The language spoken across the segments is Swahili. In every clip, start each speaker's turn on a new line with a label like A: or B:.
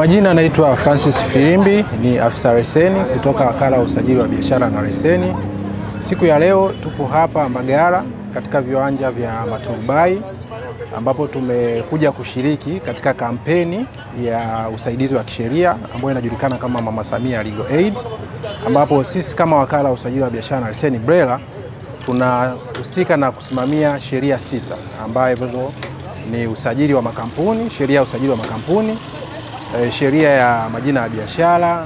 A: majina anaitwa Francis firimbi ni afisa leseni kutoka wakala wa usajili wa biashara na leseni. Siku ya leo tupo hapa Mbagala katika viwanja vya maturubai ambapo tumekuja kushiriki katika kampeni ya usaidizi wa kisheria ambayo inajulikana kama Mama Samia Legal Aid, ambapo sisi kama wakala wa usajili wa biashara na leseni BRELA tunahusika na kusimamia sheria sita ambayo ni usajili wa makampuni, sheria ya usajili wa makampuni e, sheria ya majina ya biashara,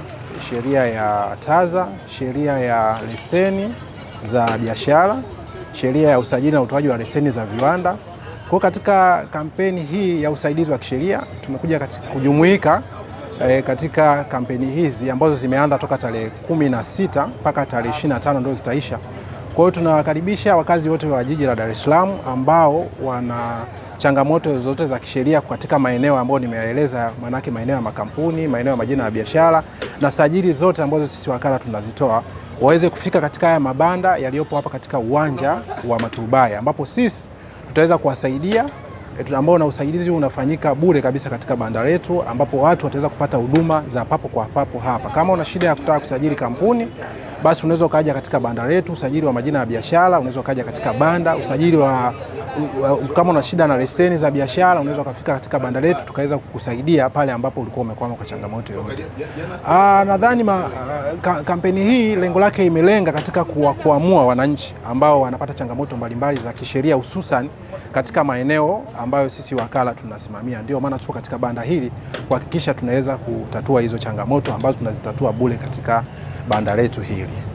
A: sheria ya TAZA, sheria ya leseni za biashara, sheria ya usajili na utoaji wa leseni za viwanda. Kwa katika kampeni hii ya usaidizi wa kisheria tumekuja katika kujumuika E, katika kampeni hizi ambazo zimeanza toka tarehe kumi na sita mpaka tarehe ishirini na tano ndio zitaisha. Kwa hiyo tunawakaribisha wakazi wote wa jiji la Dar es Salaam ambao wana changamoto zote za kisheria katika maeneo ambayo nimeyaeleza, maanake maeneo ya makampuni, maeneo ya majina ya biashara na sajili zote ambazo sisi wakala tunazitoa, waweze kufika katika haya mabanda yaliyopo hapa katika uwanja wa Maturubai, ambapo sisi tutaweza kuwasaidia Eh, ambao na usajilizi unafanyika bure kabisa katika banda letu, ambapo watu wataweza kupata huduma za papo kwa papo hapa. Kama una shida ya kutaka kusajili kampuni, basi unaweza ukaja katika banda letu, usajili wa majina ya biashara, unaweza ukaja katika banda usajili wa kama una shida na leseni za biashara unaweza ukafika katika banda letu tukaweza kukusaidia pale ambapo ulikuwa umekwama kwa changamoto yoyote. Ah, Nadhani ah, ka, kampeni hii lengo lake imelenga katika kuwakwamua wananchi ambao wanapata changamoto mbalimbali za kisheria hususan katika maeneo ambayo sisi wakala tunasimamia. Ndio maana tupo katika banda hili kuhakikisha tunaweza kutatua hizo changamoto ambazo tunazitatua bure katika banda letu hili.